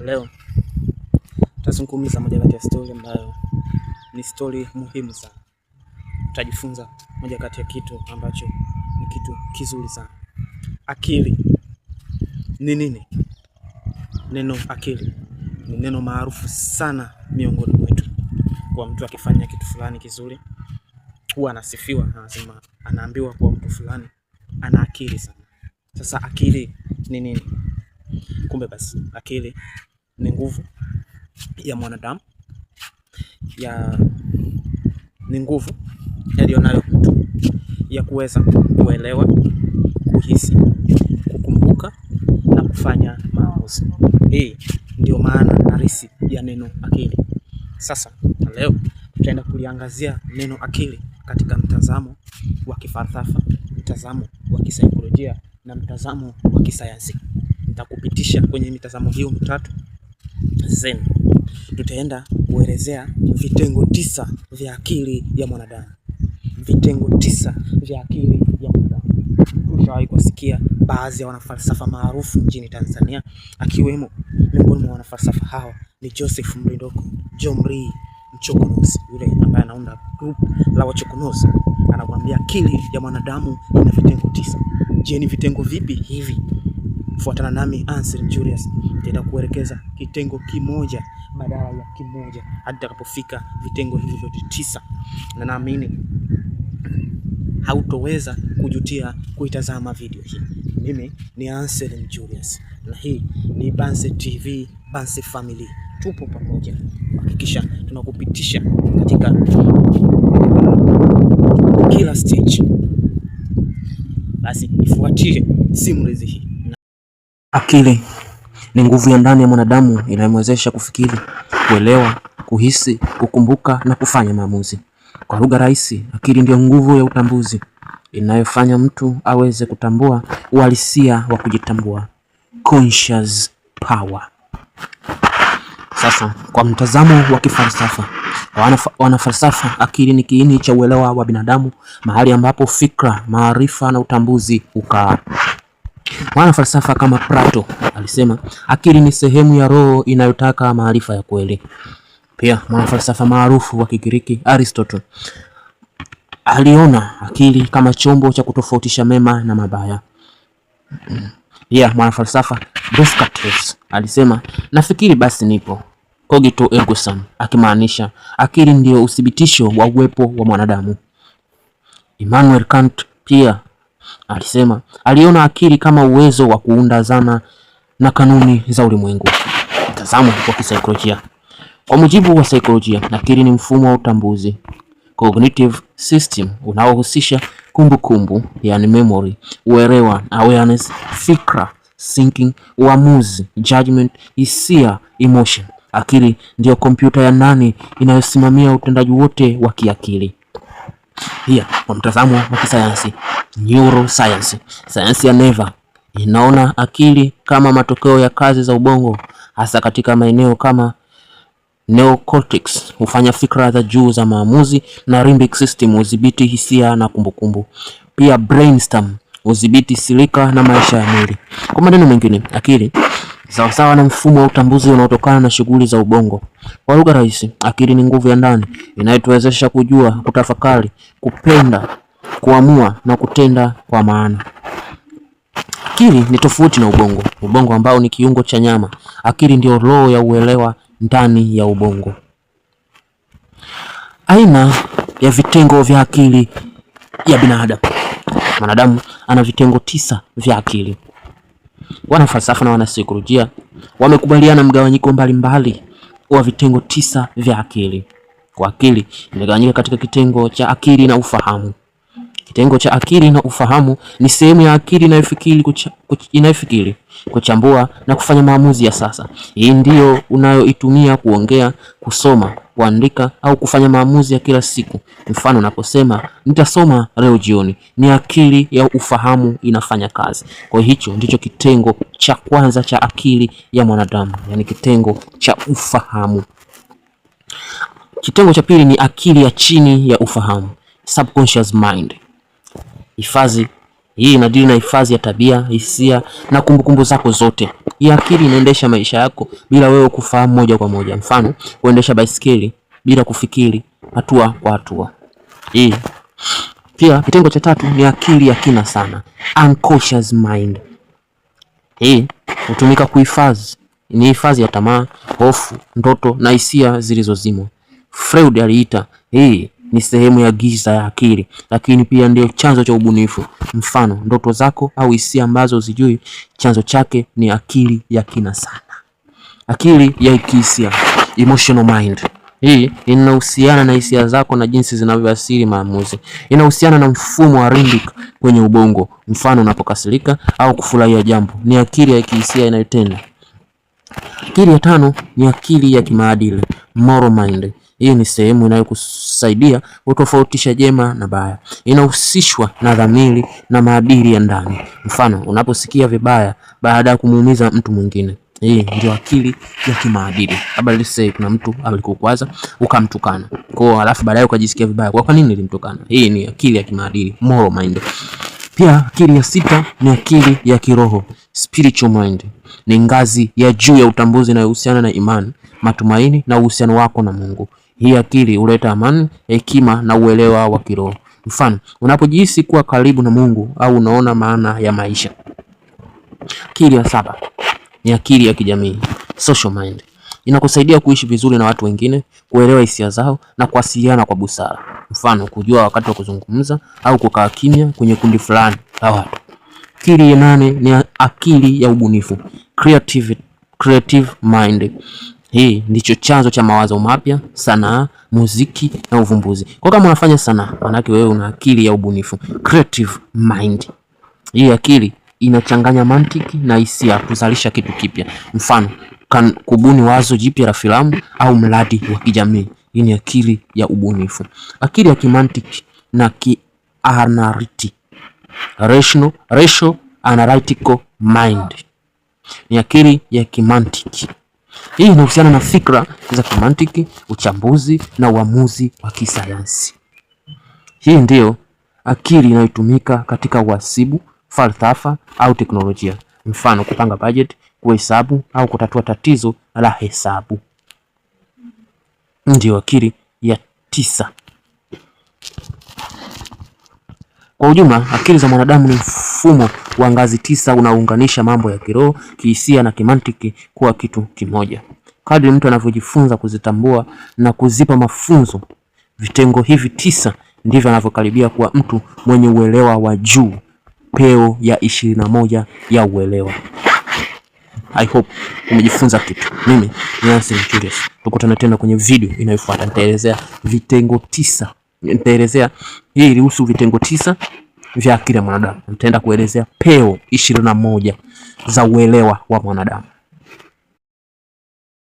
Leo tutazungumza moja kati ya stori ambayo ni stori muhimu sana. Tutajifunza moja kati ya kitu ambacho ni kitu kizuri sana. Akili ni nini? Neno akili ni neno maarufu sana miongoni mwetu. Kwa mtu akifanya kitu fulani kizuri, huwa anasifiwa, anasema, anaambiwa kwa mtu fulani ana akili sana. Sasa akili ni nini? Kumbe basi akili ni nguvu ya mwanadamu ya ni nguvu yaliyonayo mtu ya kuweza kuelewa, kuhisi, kukumbuka na kufanya maamuzi. Hii ndio maana halisi ya neno akili. Sasa leo tutaenda kuliangazia neno akili katika mtazamo wa kifalsafa, mtazamo wa kisaikolojia na mtazamo wa kisayansi. Nitakupitisha kwenye mitazamo hiyo mitatu zenu tutaenda kuelezea vitengo tisa vya akili ya mwanadamu. Vitengo tisa vya akili ya mwanadamu. Ushawahi kusikia baadhi ya wanafalsafa maarufu nchini Tanzania, akiwemo miongoni mwa wanafalsafa hawa ni Joseph Mlindoko, Jomri Mchokonozi, yule ambaye anaunda group la wachokonozi. Anakuambia akili ya mwanadamu ina vitengo tisa. Je, ni vitengo vipi hivi? Fuatana nami Ansel Julius, kuelekeza kitengo kimoja badala ya kimoja hadi utakapofika vitengo hivi vyote tisa, na naamini hautoweza kujutia kuitazama video hii. Mimi ni Ansel Julius na hii ni Banse TV, Banse Family, tupo pamoja kuhakikisha tunakupitisha katika kila stage. Basi ifuatie simulizi hii. Akili ni nguvu ya ndani ya mwanadamu inayomwezesha kufikiri, kuelewa, kuhisi, kukumbuka na kufanya maamuzi. Kwa lugha rahisi, akili ndiyo nguvu ya utambuzi inayofanya mtu aweze kutambua uhalisia wa kujitambua, conscious power. Sasa kwa mtazamo wa kifalsafa, wanafalsafa, akili ni kiini cha uelewa wa binadamu, mahali ambapo fikra, maarifa na utambuzi hukaa. Mwana falsafa kama Plato alisema akili ni sehemu ya roho inayotaka maarifa ya kweli. Pia mwanafalsafa maarufu wa Kigiriki Aristotle aliona akili kama chombo cha kutofautisha mema na mabaya. Yeah, mwanafalsafa Descartes alisema nafikiri basi nipo cogito ergo sum, akimaanisha akili ndiyo uthibitisho wa uwepo wa mwanadamu. Immanuel Kant pia Alisema aliona akili kama uwezo wa kuunda zana na kanuni za ulimwengu. Mtazamo wa kisaikolojia. Kwa mujibu wa saikolojia, akili ni mfumo wa utambuzi cognitive system unaohusisha kumbukumbu, yani memory, uelewa, awareness, fikra, thinking, uamuzi, judgment, hisia, emotion. Akili ndiyo kompyuta ya ndani inayosimamia utendaji wote wa kiakili pia kwa mtazamo wa kisayansi neuroscience. Sayansi ya neva inaona akili kama matokeo ya kazi za ubongo, hasa katika maeneo kama neocortex hufanya fikra za juu za maamuzi na limbic system hudhibiti hisia na kumbukumbu kumbu. Pia brainstem hudhibiti silika na maisha ya mwili. Kwa maneno mengine, akili sawasawa na mfumo wa utambuzi unaotokana na shughuli za ubongo. Kwa lugha rahisi, akili ni nguvu ya ndani inayotuwezesha kujua, kutafakari, kupenda, kuamua na kutenda kwa maana. Akili ni tofauti na ubongo. Ubongo ambao ni kiungo cha nyama, akili ndio roho ya uelewa ndani ya ubongo. Aina ya vitengo vya akili ya binadamu. Mwanadamu ana vitengo tisa vya akili. Wanafalsafa na wanasaikolojia wamekubaliana mgawanyiko mbalimbali wa vitengo tisa vya akili. Kwa akili imegawanyika katika kitengo cha akili na ufahamu, Kitengo cha akili na ufahamu ni sehemu ya akili inayofikiri, kucha, kuch, inayofikiri kuchambua na kufanya maamuzi ya sasa. Hii ndiyo unayoitumia kuongea, kusoma, kuandika au kufanya maamuzi ya kila siku. Mfano, unaposema nitasoma leo jioni, ni akili ya ufahamu inafanya kazi. Kwa hicho ndicho kitengo cha kwanza cha akili ya mwanadamu, yaani kitengo cha ufahamu. Kitengo cha pili ni akili ya chini ya ufahamu, subconscious mind hifadhi hii inadili na hifadhi ya tabia, hisia na kumbukumbu zako zote. Hii akili inaendesha maisha yako bila wewe kufahamu moja kwa moja. Mfano, kuendesha baisikeli bila kufikiri, hatua kwa hatua. Hii pia, kitengo cha tatu ni akili ya kina sana, unconscious mind. Hii hutumika kuhifadhi, ni hifadhi ya tamaa, hofu, ndoto na hisia zilizozimwa. Freud aliita hii ni sehemu ya giza ya akili, lakini pia ndio chanzo cha ubunifu. Mfano, ndoto zako au hisia ambazo zijui chanzo chake ni akili ya kina sana, akili ya kihisia, emotional mind. Hii inahusiana na hisia zako na jinsi zinavyoasiri maamuzi. Inahusiana na mfumo wa limbic kwenye ubongo. Mfano, unapokasirika au kufurahia jambo, ni akili ya kihisia inayotenda. Akili ya tano ni akili ya kimaadili, moral mind. Hii ni sehemu inayokusaidia kutofautisha jema na baya. Inahusishwa na dhamiri na maadili ya ndani. Mfano, unaposikia vibaya baada ya kumuumiza mtu mwingine, hii ndio akili ya kimaadili. Labda lise kuna mtu alikukwaza ukamtukana, kwa alafu baadaye ukajisikia vibaya, kwa nini nilimtukana? Hii ni akili ya kimaadili, moral mind. Pia akili ya sita ni akili ya kiroho spiritual mind. Ni ngazi ya juu ya utambuzi inayohusiana na imani, matumaini na uhusiano wako na Mungu. Hii akili huleta amani, hekima na uelewa wa kiroho. Mfano, unapojihisi kuwa karibu na Mungu au unaona maana ya maisha. Akili ya saba ni akili ya kijamii, social mind. Inakusaidia kuishi vizuri na watu wengine, kuelewa hisia zao na kuwasiliana kwa busara. Mfano, kujua wakati wa kuzungumza au kukaa kimya kwenye kundi fulani la watu. Akili ya nane ni akili ya ubunifu, creative, creative mind. Hii ndicho chanzo cha mawazo mapya, sanaa, muziki na uvumbuzi. Kwa kama unafanya sanaa, maanake wewe una akili ya ubunifu, creative mind. Hii akili inachanganya mantiki na hisia kuzalisha kitu kipya, mfano kan, kubuni wazo jipya la filamu au mradi wa kijamii. Hii ni akili ya ubunifu. Akili ya kimantiki na kianariti, rational, rational analytical mind, ni akili ya kimantiki hii inahusiana na fikra za kimantiki, uchambuzi na uamuzi wa kisayansi. Hii ndiyo akili inayotumika katika uhasibu, falsafa au teknolojia, mfano kupanga bajeti, kuhesabu au kutatua tatizo la hesabu. Ndiyo akili ya tisa. Kwa ujumla, akili za mwanadamu ni mfumo wa ngazi tisa unaounganisha mambo ya kiroho, kihisia na kimantiki kuwa kitu kimoja. Kadri mtu anavyojifunza kuzitambua na kuzipa mafunzo vitengo hivi tisa, ndivyo anavyokaribia kuwa mtu mwenye uelewa wa juu, peo ya ishirini na moja ya uelewa. I hope umejifunza kitu. Mimi ni Anson Julius, tukutane tena kwenye video inayofuata. Nitaelezea vitengo tisa, nitaelezea hii ilihusu vitengo tisa vya akili ya mwanadamu. Nitaenda kuelezea peo ishirini na moja za uelewa wa mwanadamu.